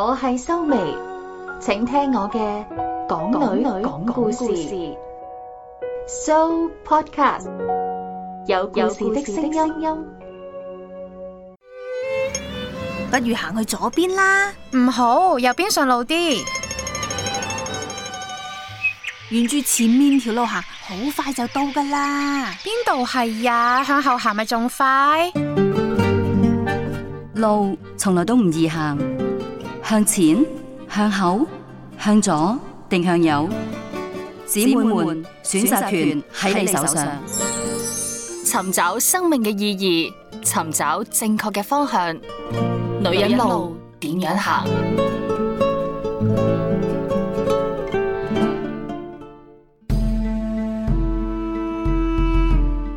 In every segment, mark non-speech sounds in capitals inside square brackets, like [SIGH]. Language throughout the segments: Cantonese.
我係修眉，請聽我嘅講女女講故事。故事 So Podcast 有故事的聲音音，不如行去左邊啦。唔好，右邊順路啲。沿住前面條路行，好快就到噶啦。邊度係呀？向後行咪仲快？路從來都唔易行。向前、向後、向左定向右，姊妹們選擇權喺你手上。尋找生命嘅意義，尋找正確嘅方向，女人路點樣行？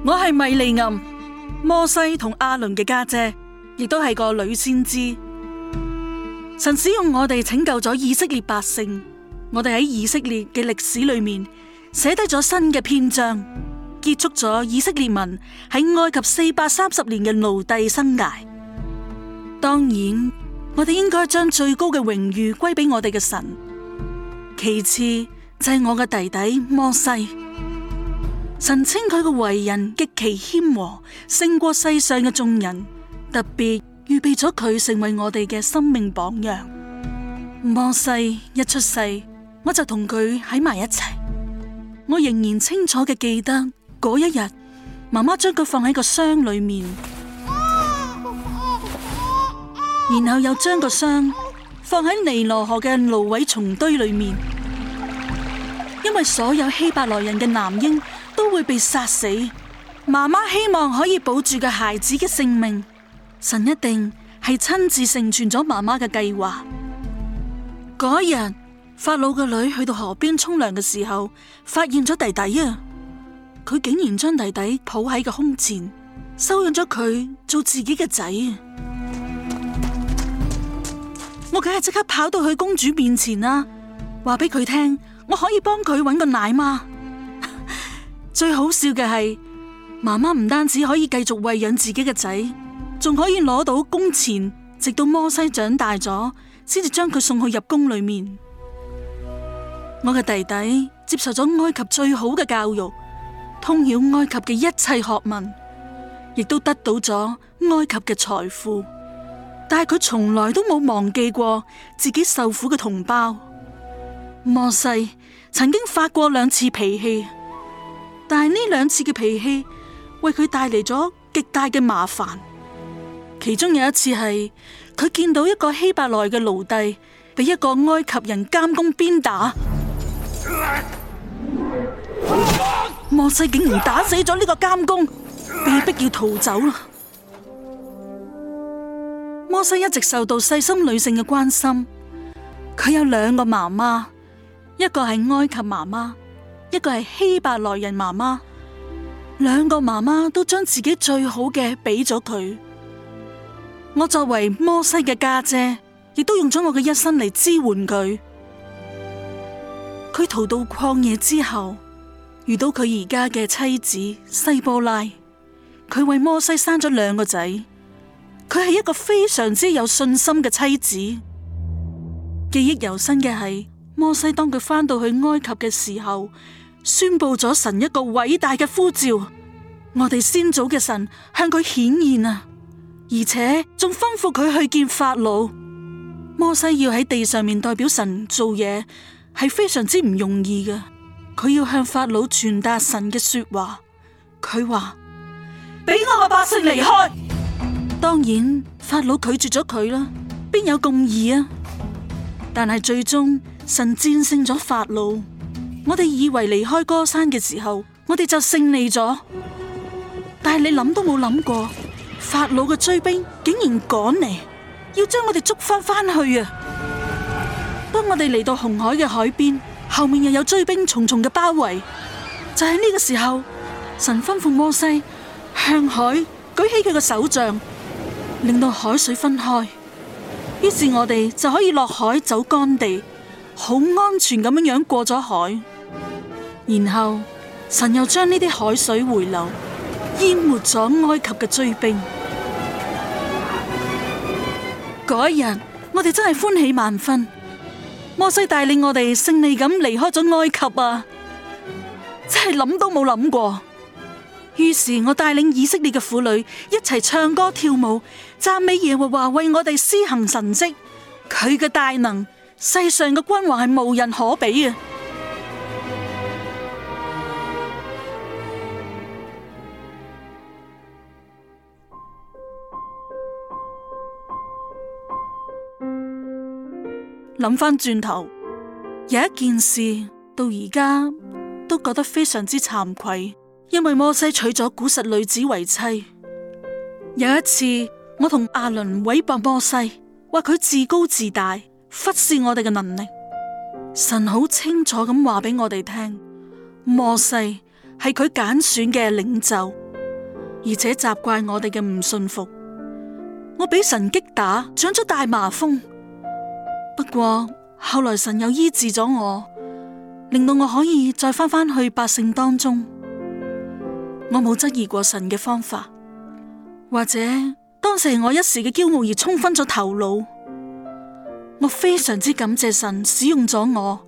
我係米利暗，摩西同阿倫嘅家姐，亦都係個女先知。神使用我哋拯救咗以色列百姓，我哋喺以色列嘅歷史裏面寫低咗新嘅篇章，結束咗以色列民喺埃及四百三十年嘅奴隸生涯。當然，我哋應該將最高嘅榮譽歸俾我哋嘅神。其次就係我嘅弟弟摩西，神稱佢嘅為人極其謙和，勝過世上嘅眾人，特別。預備咗佢成為我哋嘅生命榜樣。摩西一出世，我就同佢喺埋一齊。我仍然清楚嘅記得嗰一日，媽媽將佢放喺個箱裏面，然後又將個箱放喺尼羅河嘅蘆葦叢堆裏面，因為所有希伯來人嘅男嬰都會被殺死。媽媽希望可以保住個孩子嘅性命。神一定係親自成全咗媽媽嘅計劃。嗰日，法老嘅女去到河邊沖涼嘅時候，發現咗弟弟啊！佢竟然將弟弟抱喺個胸前，收養咗佢做自己嘅仔啊！我梗係即刻跑到去公主面前啦，話俾佢聽，我可以幫佢搵個奶媽。 [LAUGHS] 最好笑嘅係，媽媽唔單止可以繼續餵養自己嘅仔。仲可以攞到工錢，直到摩西長大咗，先至將佢送去入宮裏面。我嘅弟弟接受咗埃及最好嘅教育，通曉埃及嘅一切學問，亦都得到咗埃及嘅財富。但係佢從來都冇忘記過自己受苦嘅同胞。摩西曾經發過兩次脾氣，但係呢兩次嘅脾氣為佢帶嚟咗極大嘅麻煩。其中有一次係佢見到一個希伯來嘅奴隸被一個埃及人監工鞭打，摩西竟然打死咗呢個監工，被逼要逃走啦。摩西一直受到細心女性嘅關心，佢有兩個媽媽，一個係埃及媽媽，一個係希伯來人媽媽，兩個媽媽都將自己最好嘅俾咗佢。我作為摩西嘅家姐，亦都用咗我嘅一生嚟支援佢。佢逃到曠野之後，遇到佢而家嘅妻子西波拉，佢為摩西生咗兩個仔。佢係一個非常之有信心嘅妻子。記憶猶新嘅係摩西，當佢返到去埃及嘅時候，宣布咗神一個偉大嘅呼召。我哋先祖嘅神向佢顯現啊！而且仲吩咐佢去見法老，摩西要喺地上面代表神做嘢，係非常之唔容易嘅。佢要向法老傳達神嘅說話。佢話：俾我個百姓離開。當然，法老拒絕咗佢啦，邊有咁易啊？但係最終神戰勝咗法老。我哋以為離開歌山嘅時候，我哋就勝利咗。但係你諗都冇諗過。法老嘅追兵竟然趕嚟，要將我哋捉翻翻去啊！當我哋嚟到紅海嘅海邊，後面又有追兵重重嘅包圍。就喺呢個時候，神吩咐摩西向海舉起佢嘅手杖，令到海水分開，於是我哋就可以落海走乾地，好安全咁樣樣過咗海。然後，神又將呢啲海水回流，淹沒咗埃及嘅追兵。嗰一日，我哋真係歡喜萬分，摩西帶領我哋勝利咁離開咗埃及啊！真係諗都冇諗過。於是我帶領以色列嘅婦女一齊唱歌跳舞，讚美耶和華為我哋施行神跡，佢嘅大能，世上嘅君王係無人可比啊！諗翻轉頭，有一件事到而家都覺得非常之慚愧，因為摩西娶咗古實女子為妻。有一次，我同阿倫毀謗摩西話佢自高自大，忽視我哋嘅能力。神好清楚咁話俾我哋聽，摩西係佢揀選嘅領袖，而且習慣我哋嘅唔信服。我俾神擊打，長咗大麻風。不過後來神又醫治咗我，令到我可以再翻返去百姓當中。我冇質疑過神嘅方法，或者當時我一時嘅驕傲而沖昏咗頭腦。我非常之感謝神使用咗我，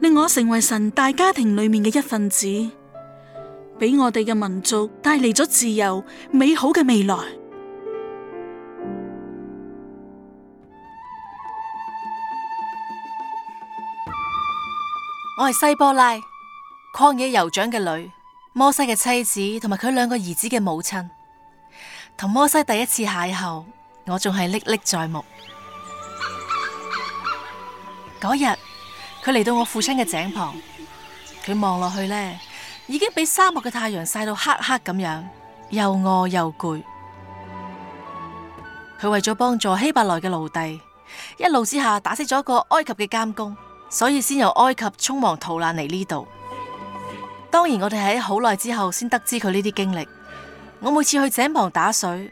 令我成為神大家庭裏面嘅一份子，俾我哋嘅民族帶嚟咗自由美好嘅未來。我係西波拉曠野酋長嘅女，摩西嘅妻子，同埋佢兩個兒子嘅母親。同摩西第一次邂逅，我仲係歷歷在目。嗰 [LAUGHS] 日佢嚟到我父親嘅井旁，佢望落去呢已經俾沙漠嘅太陽晒到黑黑咁樣，又餓又攰。佢為咗幫助希伯來嘅奴隸，一怒之下打死咗一個埃及嘅監工。所以先由埃及匆忙逃難嚟呢度。當然我哋喺好耐之後先得知佢呢啲經歷。我每次去井旁打水，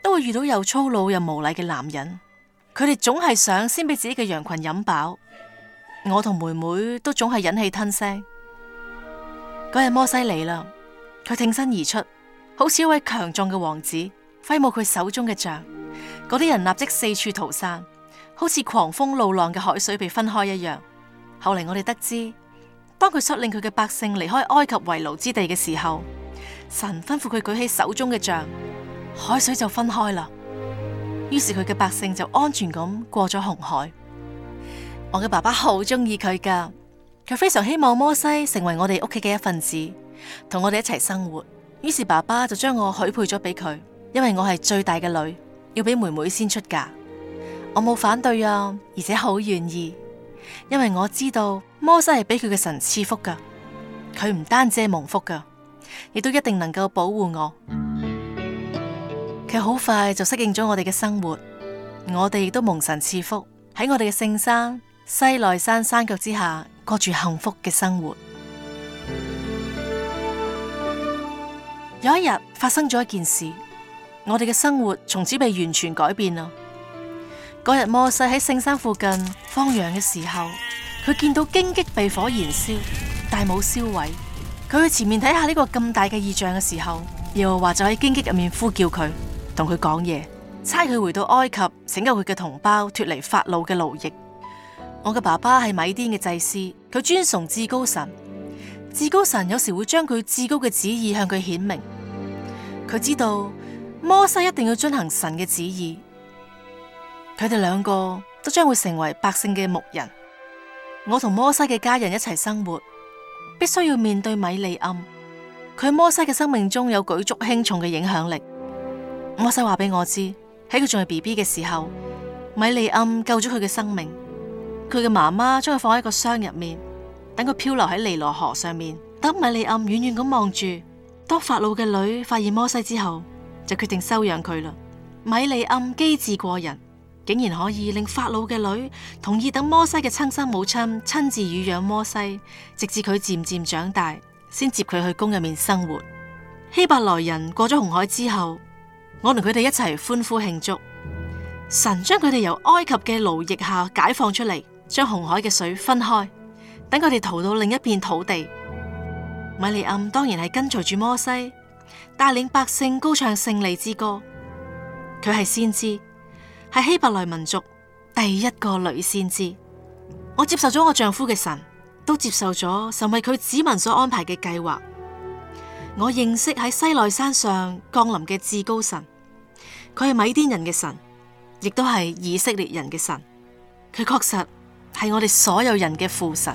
都會遇到又粗魯又無禮嘅男人。佢哋總係想先俾自己嘅羊群飲飽。我同妹妹都總係忍氣吞聲。嗰日摩西嚟啦，佢挺身而出，好似一位強壯嘅王子，揮舞佢手中嘅杖。嗰啲人立即四處逃散，好似狂風怒浪嘅海水被分開一樣。後來我哋得知，當佢率領佢嘅百姓離開埃及為奴之地嘅時候，神吩咐佢舉起手中嘅杖，海水就分開啦。於是佢嘅百姓就安全咁過咗紅海。我嘅爸爸好中意佢噶，佢非常希望摩西成為我哋屋企嘅一份子，同我哋一齊生活。於是爸爸就將我許配咗俾佢，因為我係最大嘅女，要俾妹妹先出嫁。我冇反對啊，而且好願意。因為我知道摩西係俾佢嘅神賜福噶，佢唔單止係蒙福噶，亦都一定能夠保護我。佢好快就適應咗我哋嘅生活，我哋亦都蒙神賜福，喺我哋嘅聖山西奈山山腳之下過住幸福嘅生活。 [MUSIC] 有一日發生咗一件事，我哋嘅生活從此被完全改變啦。嗰日摩西喺聖山附近放羊嘅時候，佢見到荊棘被火燃燒，但冇燒毀。佢去前面睇下呢個咁大嘅異象嘅時候，耶和華就喺荊棘入面呼叫佢，同佢講嘢，差佢回到埃及拯救佢嘅同胞脱離法老嘅奴役。我嘅爸爸係米甸嘅祭司，佢尊崇至高神，至高神有時會將佢至高嘅旨意向佢顯明。佢知道摩西一定要遵行神嘅旨意。佢哋兩個都將會成為百姓嘅牧人。我同摩西嘅家人一齊生活，必須要面對米利暗。佢喺摩西嘅生命中有舉足輕重嘅影響力。摩西話俾我知，喺佢仲係 BB 嘅時候，米利暗救咗佢嘅生命。佢嘅媽媽將佢放喺個箱入面，等佢漂流喺尼羅河上面。等米利暗遠遠咁望住。當法老嘅女發現摩西之後，就決定收養佢啦。米利暗機智過人。竟然可以令法老嘅女同意等摩西嘅親生母親親自撫養摩西，直至佢漸漸長大，先接佢去宮入面生活。希伯來人過咗紅海之後，我同佢哋一齊歡呼慶祝，神將佢哋由埃及嘅奴役下解放出嚟，將紅海嘅水分開，等佢哋逃到另一片土地。米利暗當然係跟隨住摩西，帶領百姓高唱勝利之歌。佢係先知。係希伯來民族第一個女先知，我接受咗我丈夫嘅神，都接受咗神為佢子民所安排嘅計劃。我認識喺西奈山上降臨嘅至高神，佢係米甸人嘅神，亦都係以色列人嘅神。佢確實係我哋所有人嘅父神。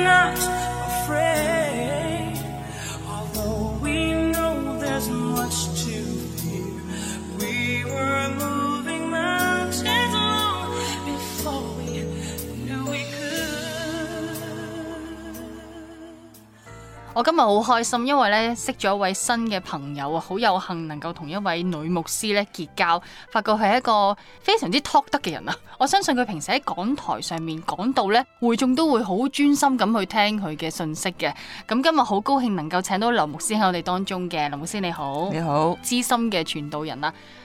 我今日好開心，因為咧識咗一位新嘅朋友啊，好有幸能夠同一位女牧師咧結交，發覺佢係一個非常之 talk 得嘅人啊！我相信佢平時喺講台上面講道，咧，會眾都會好專心咁去聽佢嘅信息嘅。咁今日好高興能夠請到劉牧師喺我哋當中嘅，劉牧師你好，你好，資深嘅傳道人啦。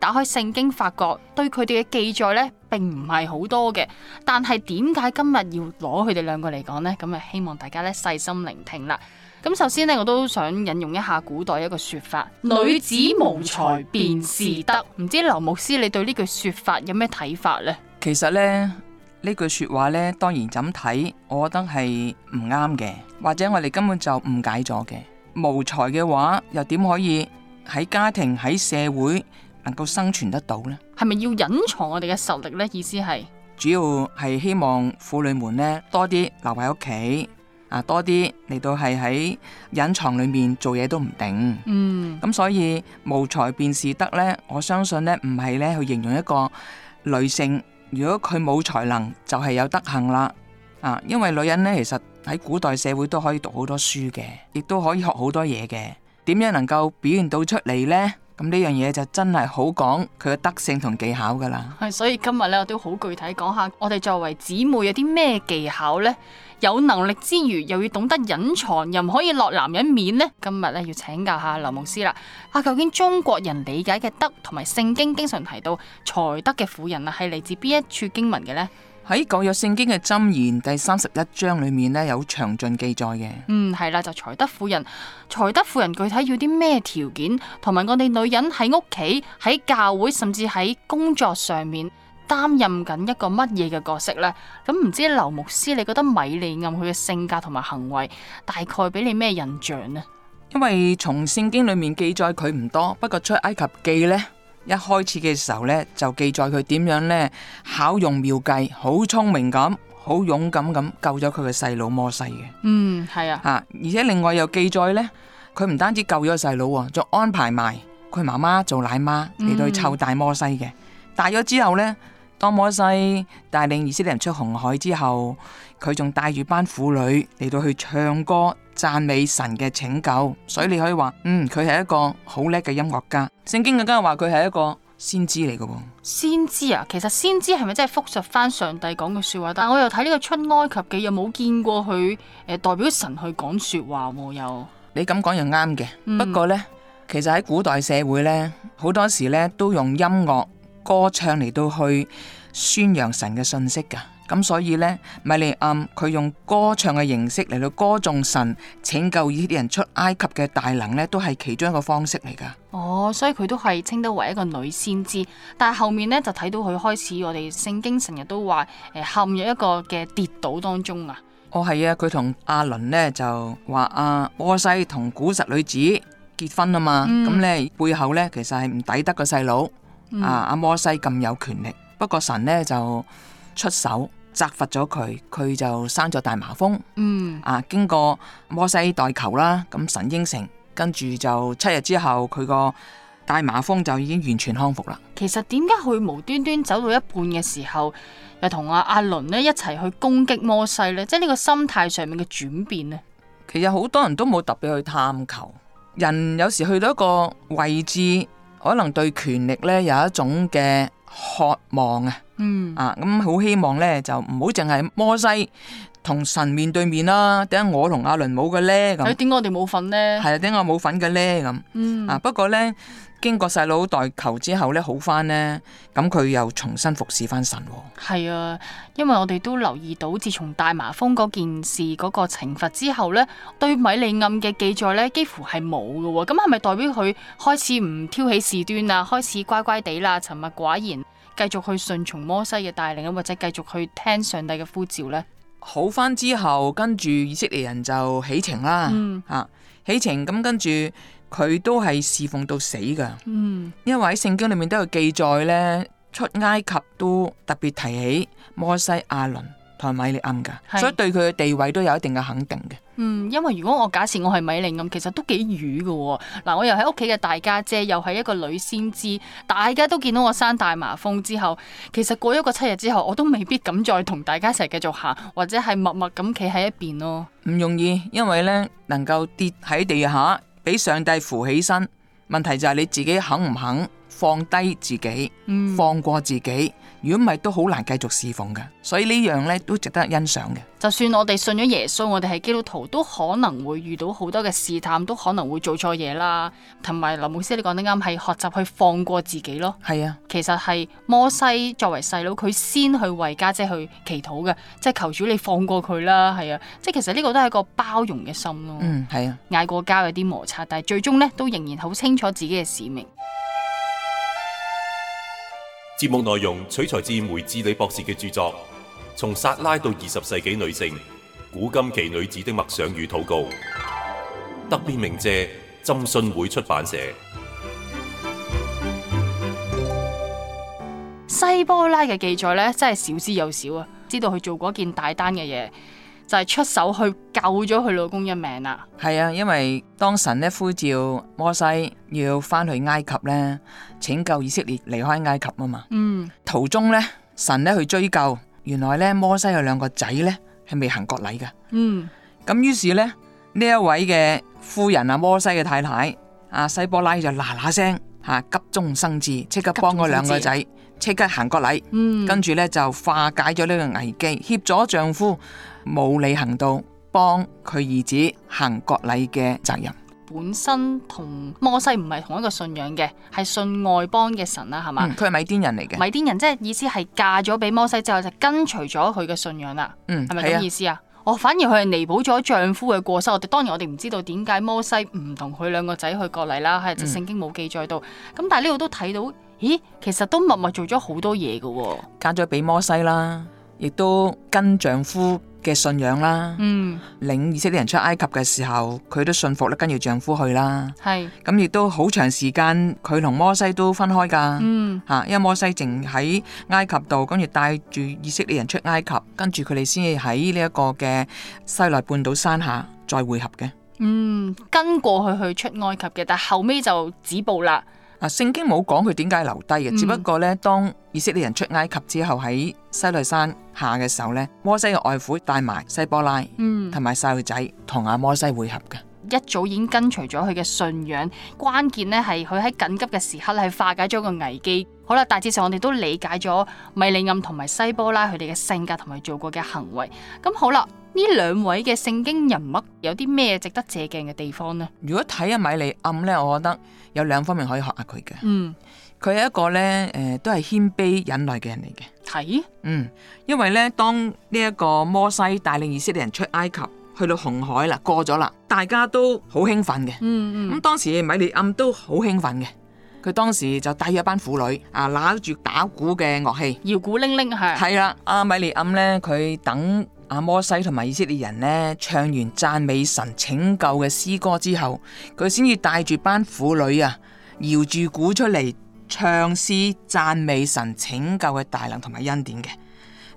打開聖經，發覺對佢哋嘅記載呢，並唔係好多嘅。但係點解今日要攞佢哋兩個嚟講呢？咁啊，希望大家咧細心聆聽啦。咁首先呢，我都想引用一下古代一個說法，女子無才便是德。唔知劉牧師，你對呢句說法有咩睇法呢？其實呢，呢句說話呢，當然怎睇，我覺得係唔啱嘅，或者我哋根本就誤解咗嘅。無才嘅話，又點可以喺家庭、喺社會？能夠生存得到呢？係咪要隱藏我哋嘅實力呢？意思係主要係希望婦女們呢多啲留喺屋企啊，多啲嚟到係喺隱藏裏面做嘢都唔定。嗯，咁所以無才便是德呢，我相信呢唔係呢去形容一個女性，如果佢冇才能就係有德行啦。啊，因為女人呢，其實喺古代社會都可以讀好多書嘅，亦都可以學好多嘢嘅，點樣能夠表現到出嚟呢？咁呢樣嘢就真係好講佢嘅德性同技巧噶啦。係所以今日咧，我都好具體講下，我哋作為姊妹有啲咩技巧呢？有能力之餘，又要懂得隱藏，又唔可以落男人面呢。今日咧要請教下劉牧師啦。啊，究竟中國人理解嘅德同埋聖經經常提到才德嘅婦人啊，係嚟自邊一處經文嘅呢？喺舊約聖經嘅箴言第三十一章裏面咧，有詳盡記載嘅。嗯，係啦，就才德婦人，才德婦人具體要啲咩條件，同埋我哋女人喺屋企、喺教會，甚至喺工作上面擔任緊一個乜嘢嘅角色呢？咁唔知劉牧師，你覺得米利暗佢嘅性格同埋行為，大概俾你咩印象呢？因為從聖經裏面記載佢唔多，不過出埃及記呢。一開始嘅時候咧，就記載佢點樣咧巧用妙計，好聰明咁，好勇敢咁救咗佢嘅細佬摩西嘅。嗯，係啊。啊，而且另外又記載咧，佢唔單止救咗個細佬，仲安排埋佢媽媽做奶媽嚟到去湊大摩西嘅。嗯，大咗之後咧，當摩西帶領以色列人出紅海之後，佢仲帶住班婦女嚟到去唱歌，讚美神嘅拯救，所以你可以話，嗯，佢係一個好叻嘅音樂家。聖經更加話佢係一個先知嚟嘅。先知啊，其實先知係咪真係複述翻上帝講嘅說話？但係我又睇呢個出埃及記又冇見過佢誒、呃、代表神去講說話喎、啊。又你咁講又啱嘅，不過呢，其實喺古代社會呢，好多時呢都用音樂歌唱嚟到去宣揚神嘅信息噶。咁所以咧，米利暗佢用歌唱嘅形式嚟到歌頌神，拯救以色列啲人出埃及嘅大能咧，都係其中一個方式嚟㗎。哦，所以佢都係稱得為一個女先知，但係後面咧就睇到佢開始，我哋聖經成日都話，誒、呃、陷入一個嘅跌倒當中啊。哦，係啊，佢同阿倫咧就話阿、啊、摩西同古實女子結婚啊嘛，咁咧、嗯、背後咧其實係唔抵得個細佬、嗯、啊，阿摩西咁有權力，不過神咧就出手。責罰咗佢，佢就生咗大麻風。嗯，啊，經過摩西代求啦，咁神應承，跟住就七日之後，佢個大麻風就已經完全康復啦。其實點解佢無端端走到一半嘅時候，又同阿阿倫呢一齊去攻擊摩西呢？即係呢個心態上面嘅轉變呢？其實好多人都冇特別去探求，人有時去到一個位置，可能對權力呢有一種嘅渴望啊。嗯啊，咁好希望咧，就唔好淨係摩西同神面對面啦，點解我同阿倫冇嘅咧？咁誒，點解我哋冇份咧？係啊，點解我冇份嘅咧？咁啊、嗯、啊，不過咧，經過細佬代求之後咧，好翻咧，咁佢又重新服侍翻神。係啊，因為我哋都留意到，自從大麻風嗰件事嗰個懲罰之後咧，對米利暗嘅記載咧，幾乎係冇嘅。咁係咪代表佢開始唔挑起事端啊？開始乖乖地啦，沉默寡言。繼續去順從摩西嘅帶領啦，或者繼續去聽上帝嘅呼召呢。好翻之後，跟住以色列人就起程啦，嗯、啊，起程咁跟住佢都係侍奉到死噶。嗯，因為喺聖經裏面都有記載呢，出埃及都特別提起摩西亞倫。同米利暗噶，是所以對佢嘅地位都有一定嘅肯定嘅。嗯，因為如果我假設我係米利暗咁，其實都幾瘀嘅。嗱，我又喺屋企嘅大家姐，又係一個女先知，大家都見到我生大麻風之後，其實過一個七日之後，我都未必敢再同大家一齊繼續行，或者係默默咁企喺一邊咯、哦。唔容易，因為呢，能夠跌喺地下，俾上帝扶起身，問題就係你自己肯唔肯放低自己，嗯、放過自己。如果唔係，都好難繼續侍奉噶，所以呢樣咧都值得欣賞嘅。就算我哋信咗耶穌，我哋係基督徒，都可能會遇到好多嘅試探，都可能會做錯嘢啦。同埋，林牧師你講得啱，係學習去放過自己咯。係啊，其實係摩西作為細佬，佢先去為家姐去祈禱嘅，即係求主你放過佢啦。係啊，即係其實呢個都係一個包容嘅心咯。嗯，係啊，嗌過交有啲摩擦，但係最終咧都仍然好清楚自己嘅使命。節目內容取材自梅智理博士嘅著作《從撒拉到二十世紀女性：古今奇女子的默想與禱告》，特別鳴謝浸信會出版社。西波拉嘅記載咧，真係少之又少啊！知道佢做過一件大單嘅嘢。就係出手去救咗佢老公一命啦。係啊，因為當神咧呼召摩西要翻去埃及咧，拯救以色列，離開埃及啊嘛。嗯。途中咧，神咧去追究，原來咧摩西有兩個仔咧係未行割禮嘅。嗯。咁於是咧呢一位嘅夫人啊，摩西嘅太太啊西波拉就嗱嗱聲嚇，急中生智，即刻幫嗰兩個仔，即刻行割禮。嗯。跟住咧就化解咗呢個危機，協助丈夫。冇履行到，幫佢兒子行國禮嘅責任。本身同摩西唔係同一個信仰嘅，係信外邦嘅神啦，係嘛？佢係、嗯、米甸人嚟嘅。米甸人即係意思係嫁咗俾摩西之後就跟隨咗佢嘅信仰啦。嗯，係咪咁意思啊？我、哦、反而佢係彌補咗丈夫嘅過失。我哋當然我哋唔知道點解摩西唔同佢兩個仔去國禮啦，喺聖、嗯、經冇記載到。咁但係呢度都睇到，咦，其實都默默做咗好多嘢㗎。嫁咗俾摩西啦。亦都跟丈夫嘅信仰啦，嗯，領以色列人出埃及嘅時候，佢都信服咧跟住丈夫去啦，係是，咁亦都好長時間佢同摩西都分開噶，嗯，吓，因為摩西淨喺埃及度，跟住帶住以色列人出埃及，跟住佢哋先至喺呢一個嘅西奈半島山下再會合嘅，嗯，跟過去去出埃及嘅，但後尾就止步啦。啊！聖經冇講佢點解留低嘅，嗯、只不過咧，當以色列人出埃及之後喺西奈山下嘅時候咧，摩西嘅外父帶埋西波拉西，嗯，同埋細路仔同阿摩西匯合嘅。一早已經跟隨咗佢嘅信仰，關鍵咧係佢喺緊急嘅時刻咧係化解咗個危機。好啦，大致上我哋都理解咗米利暗同埋西波拉佢哋嘅性格同埋做過嘅行為。咁好啦。呢兩位嘅聖經人物有啲咩值得借鏡嘅地方呢？如果睇阿米利暗呢，我覺得有兩方面可以學下佢嘅。嗯，佢係一個呢誒、呃、都係謙卑忍耐嘅人嚟嘅。睇是嗯，因為呢，當呢一個摩西帶領以色列人出埃及去到紅海啦，過咗啦，大家都好興奮嘅、嗯。嗯咁當時米利暗都好興奮嘅，佢當時就帶住一班婦女啊，攞住打鼓嘅樂器，搖鼓鈴鈴係係啦。阿米利暗咧，佢等。阿摩西同埋以色列人呢，唱完讚美神拯救嘅詩歌之後，佢先至帶住班婦女啊，搖住鼓出嚟，唱詩讚美神拯救嘅大能同埋恩典嘅。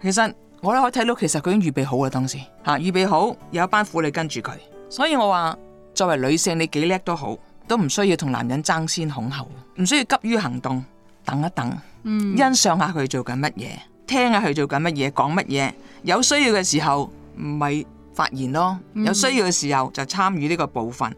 其實我都可以睇到，其實佢已經預備好啦，當時吓預備好有一班婦女跟住佢。所以我話作為女性，你幾叻都好，都唔需要同男人爭先恐後，唔需要急於行動，等一等，嗯、欣賞下佢做緊乜嘢。聽下佢做緊乜嘢，講乜嘢，有需要嘅時候咪發言咯，嗯、有需要嘅時候就參與呢個部分。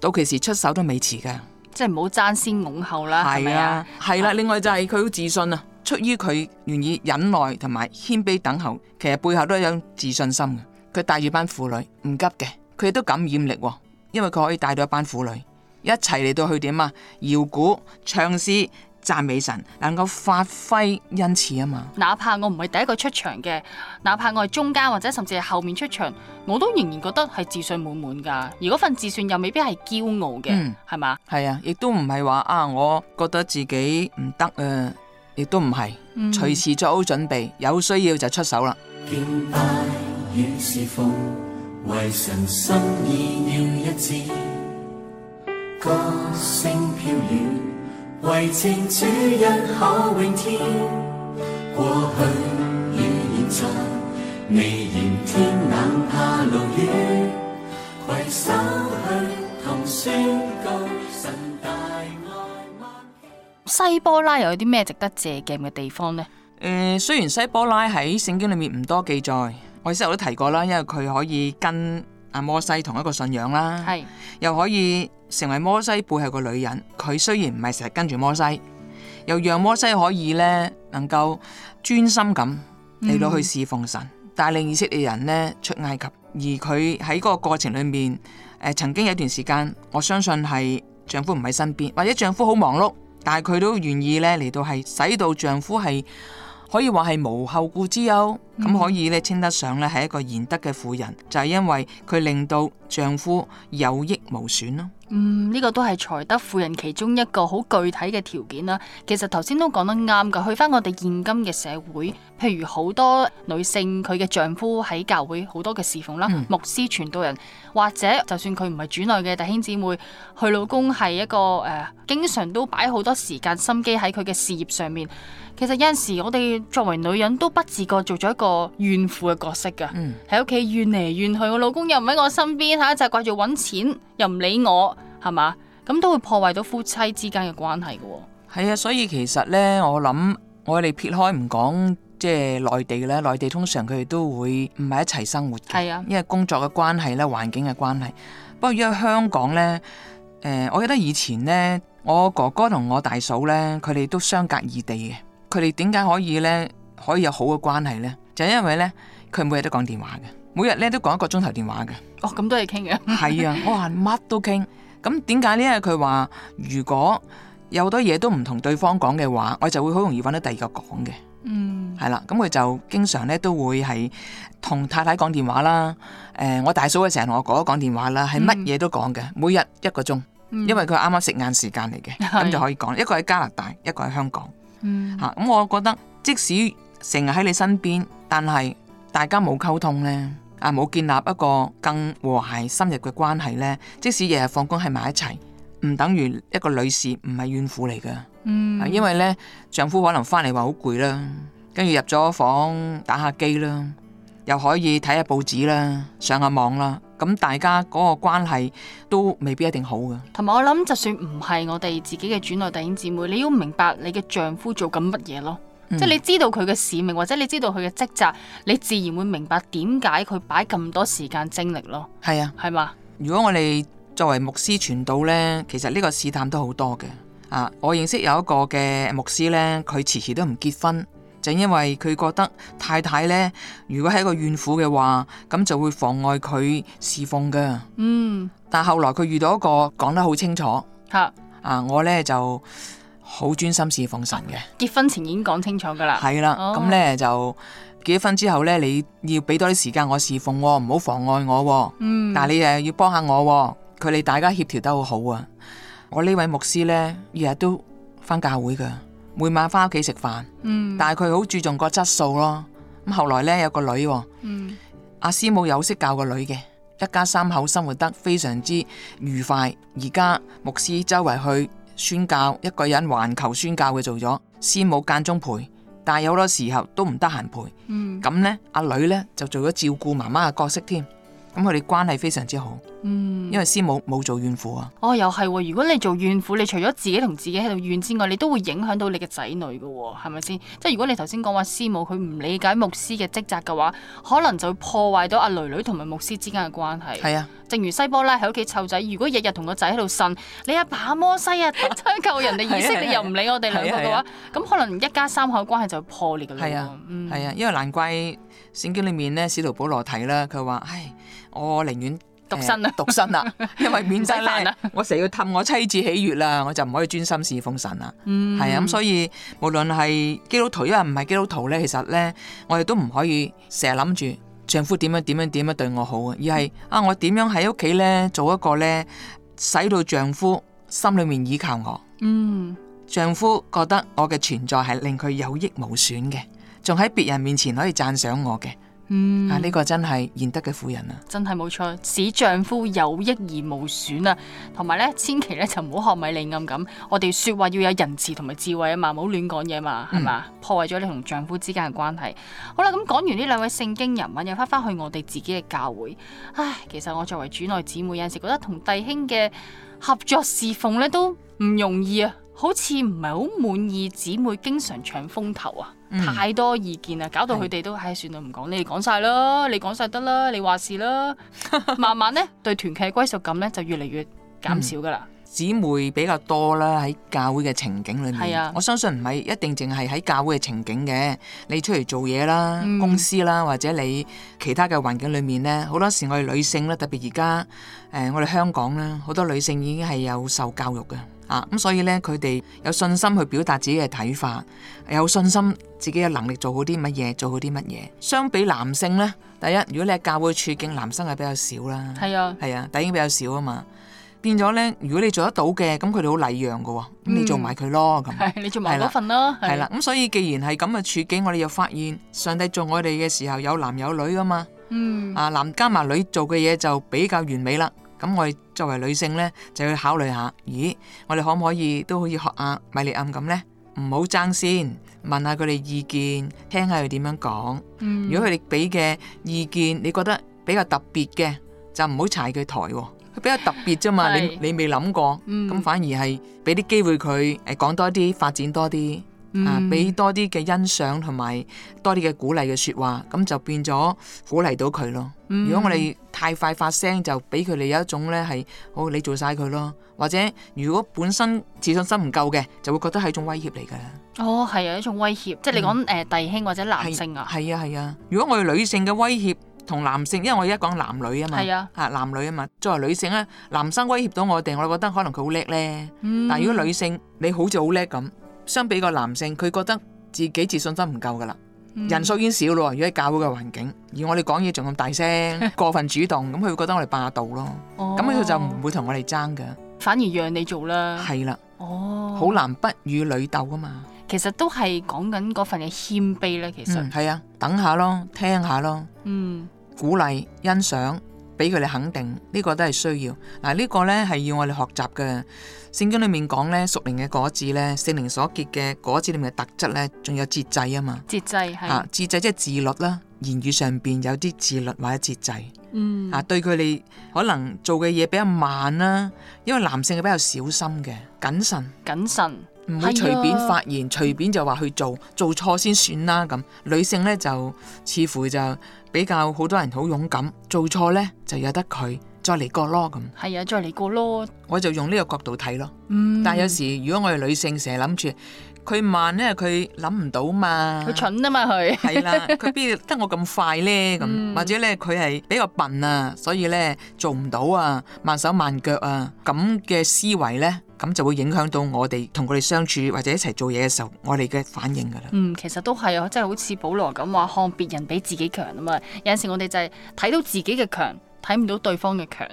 到其時出手都未遲嘅，即係唔好爭先恐後啦，係啊？係啦吧、啊，另外就係佢好自信啊，出於佢願意忍耐同埋謙卑等候，其實背後都有種自信心嘅。佢帶住班婦女唔急嘅，佢都感染力、哦，因為佢可以帶到一班婦女一齊嚟到去點啊？搖鼓唱詩。讚美神，能夠發揮恩賜啊嘛！哪怕我唔係第一個出場嘅，哪怕我係中間或者甚至係後面出場，我都仍然覺得係自信滿滿㗎。而嗰份自信又未必係驕傲嘅，係嘛、嗯？係吧啊，亦都唔係話啊，我覺得自己唔得啊，亦都唔係。隨、嗯、時做好準備，有需要就出手啦。嗯西波拉又有啲咩值得借鏡嘅地方呢？誒，雖然西波拉喺聖經裏面唔多記載，我之前都提過啦，因為佢可以跟。阿摩西同一個信仰啦，係是又可以成為摩西背後個女人。佢雖然唔係成日跟住摩西，又讓摩西可以咧能夠專心咁嚟到去侍奉神，嗯、帶領意色嘅人咧出埃及。而佢喺嗰個過程裏面，誒、呃、曾經有一段時間，我相信係丈夫唔喺身邊，或者丈夫好忙碌，但係佢都願意咧嚟到係使到丈夫係。可以話係無後顧之憂，咁、嗯、可以咧稱得上咧係一個賢德嘅婦人，就係、是、因為佢令到丈夫有益無損咯。嗯、呢、這個都係才德婦人其中一個好具體嘅條件啦。其實頭先都講得啱噶，去翻我哋現今嘅社會。譬如好多女性，佢嘅丈夫喺教會好多嘅侍奉啦，嗯、牧師、傳道人，或者就算佢唔係主內嘅弟兄姊妹，佢老公係一個誒、呃，經常都擺好多時間心機喺佢嘅事業上面。其實有陣時我哋作為女人都不自覺做咗一個怨婦嘅角色噶，喺屋企怨嚟怨去，我老公又唔喺我身邊吓、啊，就掛住揾錢又唔理我，係嘛？咁都會破壞到夫妻之間嘅關係噶、哦。係啊，所以其實呢，我諗我哋撇開唔講。即係內地咧，內地通常佢哋都會唔係一齊生活嘅，啊、因為工作嘅關係咧，環境嘅關係。不過，因為香港咧，誒、呃，我記得以前咧，我哥哥同我大嫂咧，佢哋都相隔異地嘅。佢哋點解可以咧可以有好嘅關係咧？就係因為咧，佢每日都講電話嘅，每日咧都講一個鐘頭電話嘅。哦，咁多嘢傾嘅。係 [LAUGHS] 啊，我話乜都傾。咁點解呢？因為佢話如果有好多嘢都唔同對方講嘅話，我就會好容易揾到第二個講嘅。嗯，係啦，咁佢就經常咧都會係同太太講電話啦。誒、呃，我大嫂嘅成日同我哥哥講電話啦，係乜嘢都講嘅，每日一個鐘，嗯、因為佢啱啱食晏時間嚟嘅，咁、嗯、就可以講。一個喺加拿大，一個喺香港。吓、嗯、咁、啊、我覺得即使成日喺你身邊，但係大家冇溝通咧，啊，冇建立一個更和諧深入嘅關係咧，即使日日放工喺埋一齊，唔等於一個女士唔係怨婦嚟嘅。嗯，因為咧，丈夫可能翻嚟話好攰啦，跟住入咗房打下機啦，又可以睇下報紙啦，上下網啦，咁大家嗰個關係都未必一定好嘅。同埋我諗，就算唔係我哋自己嘅轉內弟兄姊妹，你要明白你嘅丈夫做緊乜嘢咯，嗯、即係你知道佢嘅使命或者你知道佢嘅職責，你自然會明白點解佢擺咁多時間精力咯。係啊，係嘛嗎？如果我哋作為牧師傳道咧，其實呢個試探都好多嘅。啊！我認識有一個嘅牧師呢，佢遲遲都唔結婚，就因為佢覺得太太呢，如果係一個怨婦嘅話，咁就會妨礙佢侍奉噶。嗯，但係後來佢遇到一個講得好清楚，吓啊！我呢就好專心侍奉神嘅。結婚前已經講清楚噶啦，係啦。咁呢就結婚之後呢，你要俾多啲時間我侍奉，唔好妨礙我。嗯，但係你又要幫下我，佢哋大家協調得好好啊。我呢位牧師呢，日日都返教會噶，每晚返屋企食飯。嗯，但係佢好注重個質素咯。咁後來咧有個女，阿、嗯、師母有識教個女嘅，一家三口生活得非常之愉快。而家牧師周圍去宣教，一個人環球宣教嘅做咗，師母間中陪，但係有好多時候都唔得閒陪。嗯，咁咧阿女呢，就做咗照顧媽媽嘅角色添。咁佢哋關係非常之好，因為師母冇做怨婦啊、嗯。哦，又係，如果你做怨婦，你除咗自己同自己喺度怨之外，你都會影響到你嘅仔女噶，係咪先？即係如果你頭先講話師母佢唔理解牧師嘅職責嘅話，可能就會破壞到阿女女同埋牧師之間嘅關係。係啊，正如西波拉喺屋企湊仔，如果日日同個仔喺度呻，你阿爸摩西啊，搶 [LAUGHS] 救人哋意識，你又唔理我哋兩個嘅話，咁、啊啊啊、可能一家三口嘅關係就會破裂嘅啦。係啊，係啊，啊，啊，啊，因為難怪聖經裏面咧，使徒保羅睇啦，佢話唉。唉唉我寧願獨身啦，獨誒身啦，因為免晒難。 [LAUGHS] 我成日要氹我妻子喜悦啦，我就唔可以專心侍奉神啦。係啊、嗯，咁所以無論係基，基督徒，因為唔係基督徒咧，其實咧，我哋都唔可以成日諗住丈夫點樣點樣點樣對我好啊，而係、嗯、啊，我點樣喺屋企咧做一個咧，使到丈夫心裏面依靠我。嗯，丈夫覺得我嘅存在係令佢有益無損嘅，仲喺別人面前可以讚賞我嘅。嗯，呢、啊呢個真係賢德嘅婦人啊，真係冇錯，使丈夫有益而無損啊，同埋咧，千祈咧就唔好學米利暗咁，我哋說話要有仁慈同埋智慧啊嘛，唔好亂講嘢嘛，係嘛、嗯，破壞咗你同丈夫之間嘅關係。好啦，咁講完呢兩位聖經人物，又翻翻去我哋自己嘅教會。唉，其實我作為主內姊妹，有陣時覺得同弟兄嘅合作侍奉咧都唔容易啊，好似唔係好滿意姊妹經常搶風頭啊。嗯、太多意見啦，搞到佢哋都，唉係、哎，算啦，唔講，你哋講晒啦，你講晒得啦，你話事啦， [LAUGHS] 慢慢咧對團契歸屬感咧就越嚟越減少噶啦。姊、嗯、妹比較多啦喺教會嘅情景裏面，啊、我相信唔係一定淨係喺教會嘅情景嘅，你出嚟做嘢啦，嗯、公司啦，或者你其他嘅環境裏面咧，好多時我哋女性咧，特別而家，誒、呃，我哋香港啦，好多女性已經係有受教育嘅。啊咁所以咧，佢哋有信心去表達自己嘅睇法，有信心自己有能力做好啲乜嘢，做好啲乜嘢。相比男性咧，第一，如果你係教會處境，男生係比較少啦。係啊，係啊，第一比較少啊嘛。變咗咧，如果你做得到嘅，咁佢哋好禮讓嘅喎，咁、嗯嗯、你做埋佢咯。係、啊，你做埋嗰份啦。係啦，咁所以既然係咁嘅處境，我哋又發現上帝做我哋嘅時候有男有女啊嘛。嗯、啊，男加埋女做嘅嘢就比較完美啦。咁我作為女性咧，就要考慮下，咦，我哋可唔可以都好似學阿米利安咁咧？唔好爭先，問下佢哋意見，聽下佢點樣講。嗯、如果佢哋俾嘅意見你覺得比較特別嘅，就唔好踩佢台，哦。佢比較特別啫嘛，你你未諗過，咁、嗯、反而係俾啲機會佢，誒，講多啲，發展多啲。啊！俾多啲嘅欣賞同埋多啲嘅鼓勵嘅説話，咁就變咗鼓勵到佢咯。如果我哋太快發聲，就俾佢哋有一種咧係，好你做晒佢咯。或者如果本身自信心唔夠嘅，就會覺得係一種威脅嚟噶啦。哦，係啊，一種威脅，即係你講誒弟兄或者男性啊。係啊係啊，啊，如果我哋女性嘅威脅同男性，因為我而家講男女啊嘛。係啊，啊男女啊嘛，作為女性咧，男生威脅到我哋，我覺得可能佢好叻咧。但係如果女性，你好似好叻咁。相比個男性，佢覺得自己自信心唔夠噶啦，嗯、人數已經少咯，如果喺教會嘅環境，而我哋講嘢仲咁大聲， [LAUGHS] 過分主動，咁佢會覺得我哋霸道咯，咁佢、哦、就唔會同我哋爭噶，反而讓你做啦，係啦了，哦，好男不與女鬥噶嘛其，其實都係講緊嗰份嘅謙卑咧，其實係啊，等下咯，聽下咯，嗯，鼓勵欣賞。俾佢哋肯定呢、這個都係需要嗱呢、這個呢係要我哋學習嘅。聖經裏面講呢，屬靈嘅果子呢，聖靈所結嘅果子裏面嘅特質呢，仲有節制啊嘛。節制係啊，節制即係自律啦。言語上面有啲自律或者節制。嗯啊，對佢哋可能做嘅嘢比較慢啦，因為男性係比較小心嘅，謹慎。謹慎。唔會隨便發言，隨便、啊、就話去做，做錯先算啦咁。女性咧就似乎就比較好多人好勇敢，做錯咧就有得佢再嚟過咯咁。係啊，再嚟過咯。我就用呢個角度睇咯。嗯、但係有時如果我哋女性成日諗住佢慢咧，佢諗唔到嘛。佢蠢啊嘛，佢。係 [LAUGHS] 啦，佢邊得我咁快咧？咁、嗯、或者咧佢係比較笨啊，所以咧做唔到啊，慢手慢腳啊咁嘅思維咧。咁就會影響到我哋同佢哋相處或者一齊做嘢嘅時候，我哋嘅反應噶啦。嗯，其實都係啊，即係好似保羅咁話，看別人比自己強啊嘛。有陣時我哋就係睇到自己嘅強，睇唔到對方嘅強。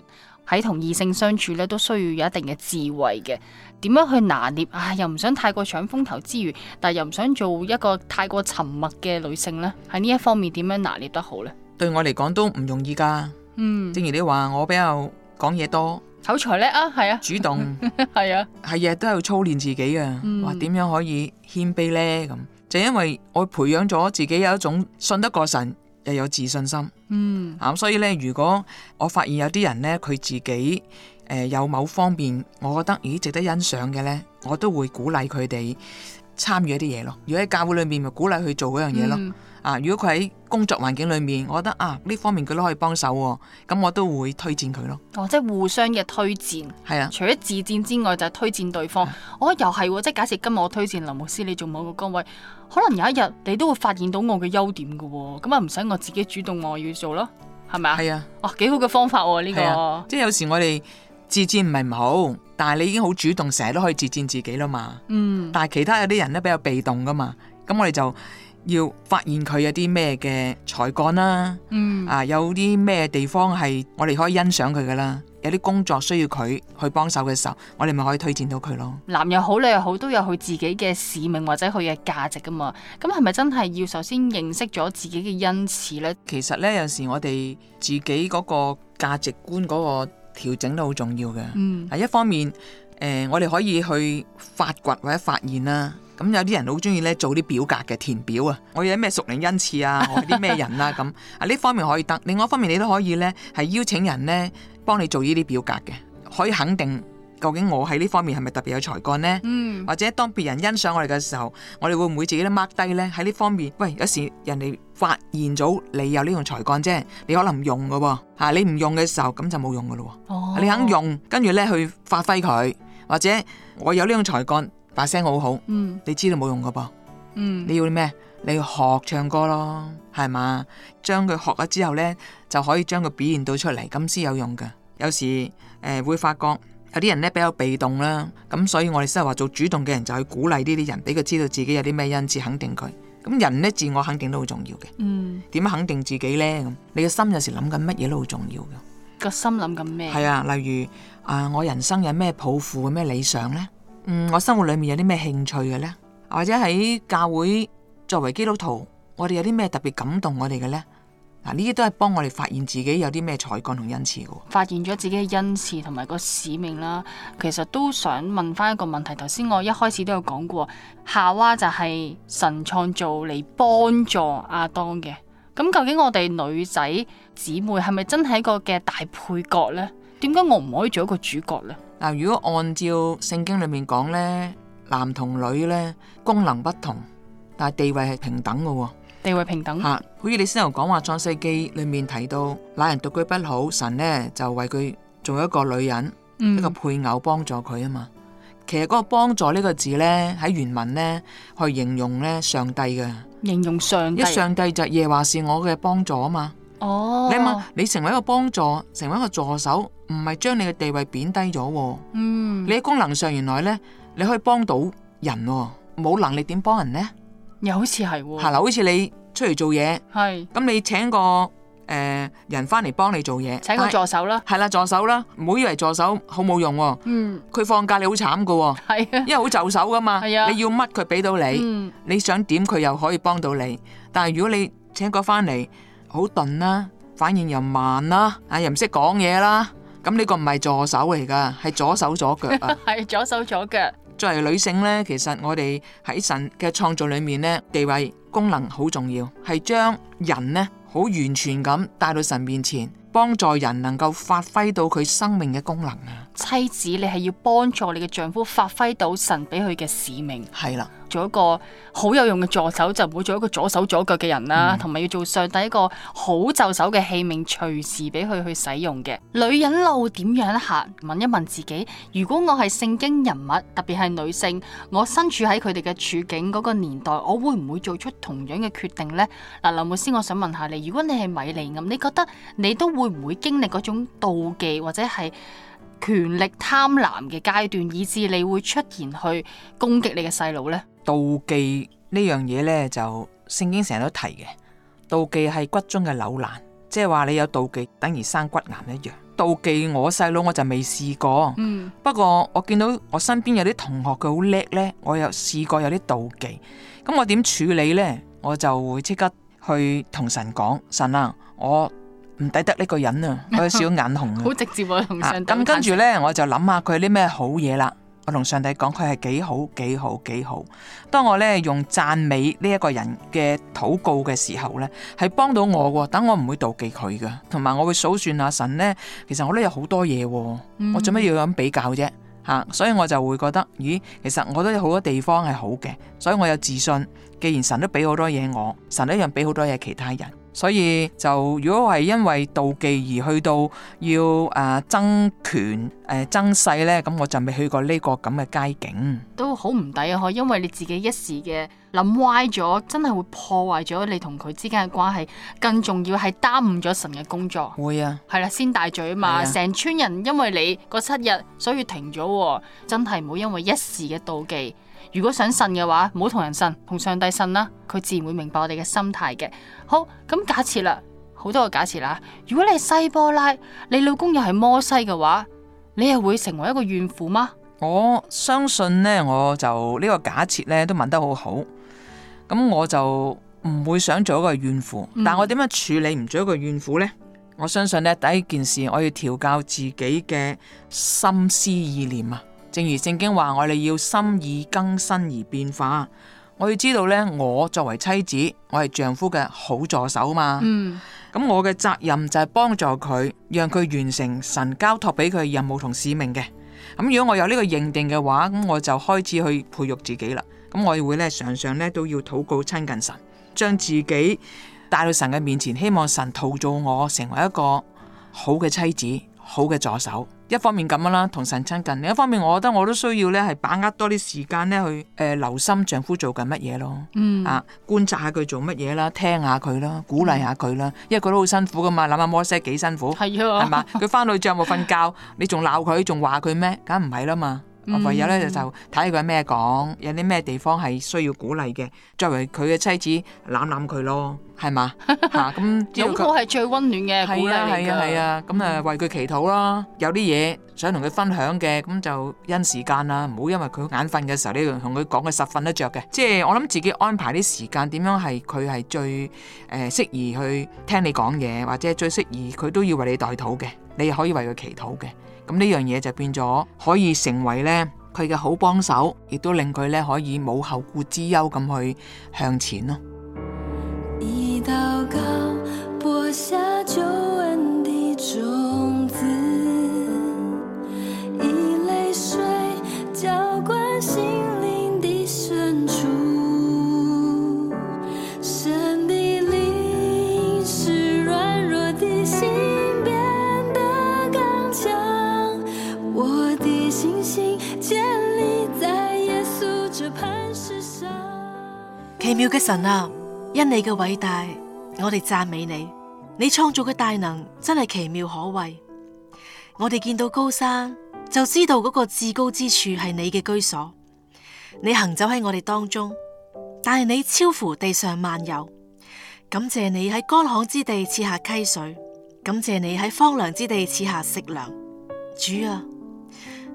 喺同異性相處咧，都需要有一定嘅智慧嘅。點樣去拿捏？唉，啊，又唔想太過搶風頭之餘，但係又唔想做一個太過沉默嘅女性呢。喺呢一方面，點樣拿捏得好呢？對我嚟講都唔容易噶。嗯，正如你話，我比較講嘢多。口才叻啊，係啊，主動係 [LAUGHS] 啊，係日日都喺度操練自己啊。話、嗯，點樣可以謙卑呢？咁就因為我培養咗自己有一種信得過神，又有自信心。嗯，啊，所以呢，如果我發現有啲人呢，佢自己誒、呃、有某方面，我覺得咦值得欣賞嘅呢，我都會鼓勵佢哋參與一啲嘢咯。如果喺教會裏面，咪鼓勵去做嗰樣嘢咯。嗯啊！如果佢喺工作環境裏面，我覺得啊，呢方面佢都可以幫手喎，咁我都會推薦佢咯。哦，即係互相嘅推薦。係啊，除咗自薦之外，就係、是、推薦對方。我、啊哦、又係喎、哦，即係假設今日我推薦林牧師你做某個崗位，可能有一日你都會發現到我嘅優點㗎喎、哦。咁啊，唔使我自己主動我要做咯，係咪啊？係、哦、啊，哇，幾好嘅方法喎呢個。啊、即係有時我哋自薦唔係唔好，但係你已經好主動，成日都可以自薦自己啦嘛。嗯。但係其他有啲人咧比較被動噶嘛，咁我哋就。要發現佢有啲咩嘅才幹啦，嗯啊，有啲咩地方係我哋可以欣賞佢噶啦，有啲工作需要佢去幫手嘅時候，我哋咪可以推薦到佢咯。男又好，女又好，都有佢自己嘅使命或者佢嘅價值噶嘛。咁係咪真係要首先認識咗自己嘅恩賜呢？其實呢，有時我哋自己嗰個價值觀嗰個調整都好重要嘅。啊、嗯，一方面，誒、呃，我哋可以去發掘或者發現啦。咁有啲人好中意咧做啲表格嘅填表啊，我有啲咩屬靈恩賜啊？我啲咩人啊？咁，啊，呢方面可以得。另外一方面你都可以咧，係邀請人咧幫你做呢啲表格嘅，可以肯定究竟我喺呢方面係咪特別有才幹咧？嗯。或者當別人欣賞我哋嘅時候，我哋會唔會自己都 mark 低咧喺呢方面？喂，有時人哋發現咗你有呢種才幹啫，你可能唔用嘅喎吓，你唔用嘅時候咁就冇用嘅咯喎。哦。你肯用，跟住咧去發揮佢，或者我有呢種才幹。把聲好好，嗯、你知道冇用噶噃。嗯、你要咩？你要學唱歌咯，係嘛？將佢學咗之後咧，就可以將佢表現到出嚟，咁先有用噶。有時誒、呃、會發覺有啲人咧比較被動啦，咁所以我哋先係話做主動嘅人，就去鼓勵呢啲人，俾佢知道自己有啲咩恩賜，肯定佢。咁人咧自我肯定都好重要嘅。點樣、嗯、肯定自己咧？你嘅心有時諗緊乜嘢都好重要嘅。個、嗯、心諗緊咩？係啊，例如啊、呃，我人生有咩抱負，有咩理想咧？嗯，我生活裏面有啲咩興趣嘅呢？或者喺教會作為基督徒，我哋有啲咩特別感動我哋嘅呢？嗱，呢啲都係幫我哋發現自己有啲咩才幹同恩賜嘅。發現咗自己嘅恩賜同埋個使命啦，其實都想問翻一個問題。頭先我一開始都有講過，夏娃就係神創造嚟幫助阿當嘅。咁究竟我哋女仔姊妹係咪真係一個嘅大配角呢？點解我唔可以做一個主角呢？嗱，如果按照聖經裏面講呢，男同女咧功能不同，但係地位係平等嘅喎。地位平等嚇、啊，好似你先頭講話創世記裏面提到，那人獨居不好，神呢就為佢做一個女人、嗯、一個配偶幫助佢啊嘛。其實嗰個幫助呢個字呢，喺原文呢去形容呢上帝嘅。形容上帝，一上帝就耶華是我嘅幫助啊嘛。哦，你嘛，你成為一個幫助，成為一個助手，唔係將你嘅地位貶低咗。嗯，你嘅功能上原來咧，你可以幫到人，冇能力點幫人咧？又好似係、哦，吓，嗱，好似你出嚟做嘢，係的，咁你請個誒、呃、人翻嚟幫你做嘢，請個助手啦，係啦，助手啦，唔好以為助手好冇用。嗯，佢放假你好慘噶，係啊的，因為好就手噶嘛，係啊的，你要乜佢俾到你，嗯，你想點佢又可以幫到你，但係如果你請個翻嚟。好鈍啦，反應又慢啦，啊，又啊又唔識講嘢啦，咁呢個唔係助手嚟噶，係左手左腳係、啊、 [LAUGHS] 左手左腳。作為女性呢，其實我哋喺神嘅創造裏面呢，地位功能好重要，係將人呢。好完全咁帶到神面前，幫助人能夠發揮到佢生命嘅功能啊！妻子，你係要幫助你嘅丈夫發揮到神俾佢嘅使命，係啦的，做一個好有用嘅助手，就唔會做一個左手左腳嘅人啦，同埋、嗯、要做上帝一個好就手嘅器皿，隨時俾佢去使用嘅。女人路點樣行？問一問自己，如果我係聖經人物，特別係女性，我身處喺佢哋嘅處境嗰個年代，我會唔會做出同樣嘅決定呢？」嗱，林牧師，我想問下你。如果你係米利暗咁，你覺得你都會唔會經歷嗰種妒忌或者係權力貪婪嘅階段，以致你會出現去攻擊你嘅細佬咧？妒忌呢樣嘢咧，就聖經成日都提嘅。妒忌係骨中嘅朽爛，即係話你有妒忌，等於生骨癌一樣。妒忌我細佬，我就未試過。嗯。不過我見到我身邊有啲同學佢好叻咧，我有試過有啲妒忌。咁我點處理咧？我就會即刻，去同神講，神啊，我唔抵得呢個人啊，我有少眼紅，好直接我同上帝。咁跟住咧，我就諗下佢啲咩好嘢啦。我同上帝講佢係幾好，幾好，幾好。當我咧用讚美呢一個人嘅禱告嘅時候咧，係幫到我。等我唔會妒忌佢嘅，同埋我會數算下、啊、神咧。其實我都有好多嘢，我做咩要咁比較啫？吓、嗯，所以我就會覺得，咦，其實我都有好多地方係好嘅，所以我有自信。既然神都俾好多嘢我，神都一樣俾好多嘢其他人，所以就，如果我係因為妒忌而去到要誒、呃、爭權誒、呃、爭勢咧，咁我就未去過呢個咁嘅街景，都好唔抵啊！因為你自己一時嘅諗歪咗，真係會破壞咗你同佢之間嘅關係，更重要係耽誤咗神嘅工作。會啊，係啦，先大罪啊嘛，成村人因為你嗰七日，所以停咗、啊，真係唔好因為一時嘅妒忌。如果想呻嘅話，唔好同人呻，同上帝呻啦，佢自然會明白我哋嘅心態嘅。好，咁假設啦，好多個假設啦。如果你係西波拉，你老公又係摩西嘅話，你又會成為一個怨婦嗎？我相信呢，我就呢個假設呢都問得好好。咁我就唔會想做一個怨婦，嗯、但我點樣處理唔做一個怨婦呢？我相信呢，第一件事我要調教自己嘅心思意念啊。正如聖經話，我哋要心意更新而變化。我要知道呢，我作為妻子，我係丈夫嘅好助手嘛。嗯，咁我嘅責任就係幫助佢，讓佢完成神交託俾佢嘅任務同使命嘅。咁如果我有呢個認定嘅話，咁我就開始去培育自己啦。咁我會咧，常常咧都要禱告親近神，將自己帶到神嘅面前，希望神陶造我成為一個好嘅妻子。好嘅助手，一方面咁樣啦，同神親近；另一方面，我覺得我都需要咧，係把握多啲時間咧，去、呃、誒留心丈夫做緊乜嘢咯。嗯，啊，觀察下佢做乜嘢啦，聽下佢啦，鼓勵下佢啦，因為佢都好辛苦噶嘛，諗下摩西幾辛苦，係啊的，係嘛吧，佢翻到去仲有冇瞓覺？你仲鬧佢，仲話佢咩？梗唔係啦嘛。唯、嗯、有咧就睇佢咩講，有啲咩地方係需要鼓勵嘅，作為佢嘅妻子攬攬佢咯，係嘛嗎？嚇咁， [LAUGHS] 擁抱係最溫暖嘅、 [LAUGHS] 啊、鼓勵嚟係啊係啊咁啊，啊啊啊為佢祈禱咯。嗯、有啲嘢想同佢分享嘅，咁就因時間啦，唔好因為佢眼瞓嘅時候，你要同佢講嘅實瞓得着嘅。即係我諗自己安排啲時間，點樣係佢係最誒適宜去聽你講嘢，或者最適宜佢都要為你代禱嘅，你也可以為佢祈禱嘅。咁呢樣嘢就變咗可以成為呢，佢嘅好幫手，亦都令佢呢可以冇後顧之憂咁去向前咯。 [NOISE] 奇妙嘅神啊，因你嘅偉大，我哋讚美你。你創造嘅大能真係奇妙可畏。我哋見到高山，就知道嗰個至高之處係你嘅居所。你行走喺我哋當中，但係你超乎地上漫遊。感謝你喺乾旱之地賜下溪水，感謝你喺荒涼之地賜下食糧。主啊，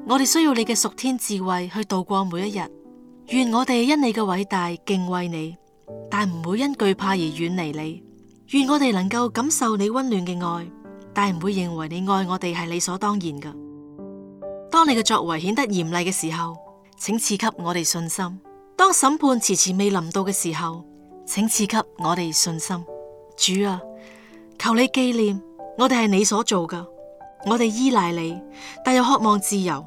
我哋需要你嘅屬天智慧去度過每一日。願我哋因你嘅偉大敬畏你，但唔會因懼怕而遠離你。願我哋能夠感受你温暖嘅愛，但唔會認為你愛我哋係理所當然噶。當你嘅作為顯得嚴厲嘅時候，請賜給我哋信心；當審判遲遲未臨到嘅時候，請賜給我哋信心。主啊，求你紀念，我哋係你所做噶，我哋依賴你，但又渴望自由。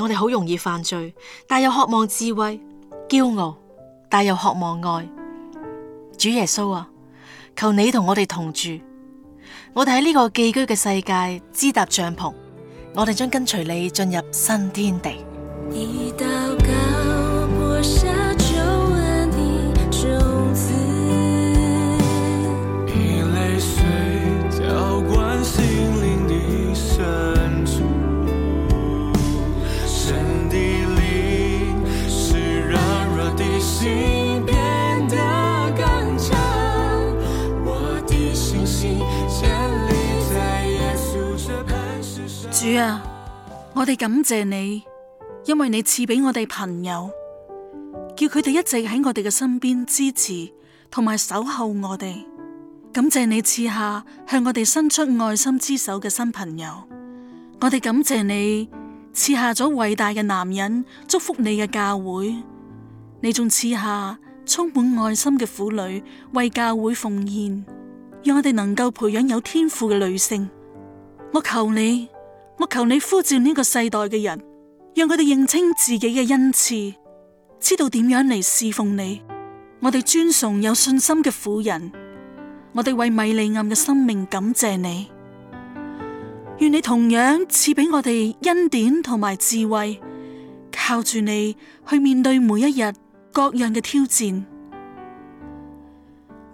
我哋好容易犯罪，但又渴望智慧，驕傲，但又渴望愛。主耶穌啊，求你同我哋同住。我哋喺呢個寄居嘅世界支搭帳篷，我哋將跟隨你進入新天地。Yeah, 我哋感謝你，因為你賜俾我哋朋友，叫佢哋一直喺我哋嘅身邊支持同埋守候我哋。感謝你賜下向我哋伸出愛心之手嘅新朋友。我哋感謝你賜下咗偉大嘅男人，祝福你嘅教會。你仲賜下充滿愛心嘅婦女為教會奉獻，讓我哋能夠培養有天賦嘅女性。我求你。我求你呼召呢個世代嘅人，讓佢哋認清自己嘅恩賜，知道點樣嚟侍奉你。我哋尊崇有信心嘅婦人，我哋為米利暗嘅生命感謝你。願你同樣賜俾我哋恩典同埋智慧，靠住你去面對每一日各樣嘅挑戰。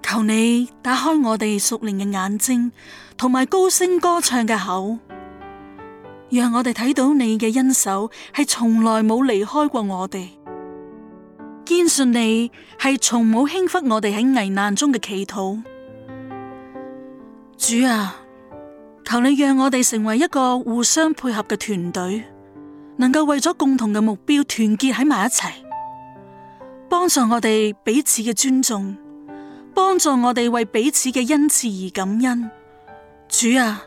求你打開我哋熟練嘅眼睛，同埋高聲歌唱嘅口。讓我哋睇到你嘅恩手係從來冇離開過我哋，堅信你係從冇輕忽我哋喺危難中嘅祈禱。主啊，求你讓我哋成為一個互相配合嘅團隊，能夠為咗共同嘅目標團結喺埋一齊，幫助我哋彼此嘅尊重，幫助我哋為彼此嘅恩賜而感恩。主啊。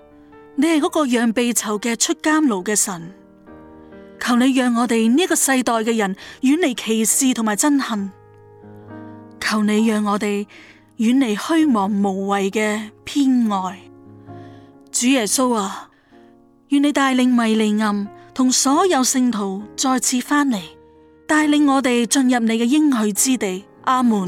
你係嗰個讓被囚嘅出監牢嘅神，求你讓我哋呢個世代嘅人遠離歧視同埋憎恨，求你讓我哋遠離虛妄無謂嘅偏愛。主耶穌啊，願你帶領迷利暗同所有聖徒再次翻嚟，帶領我哋進入你嘅應許之地。阿門。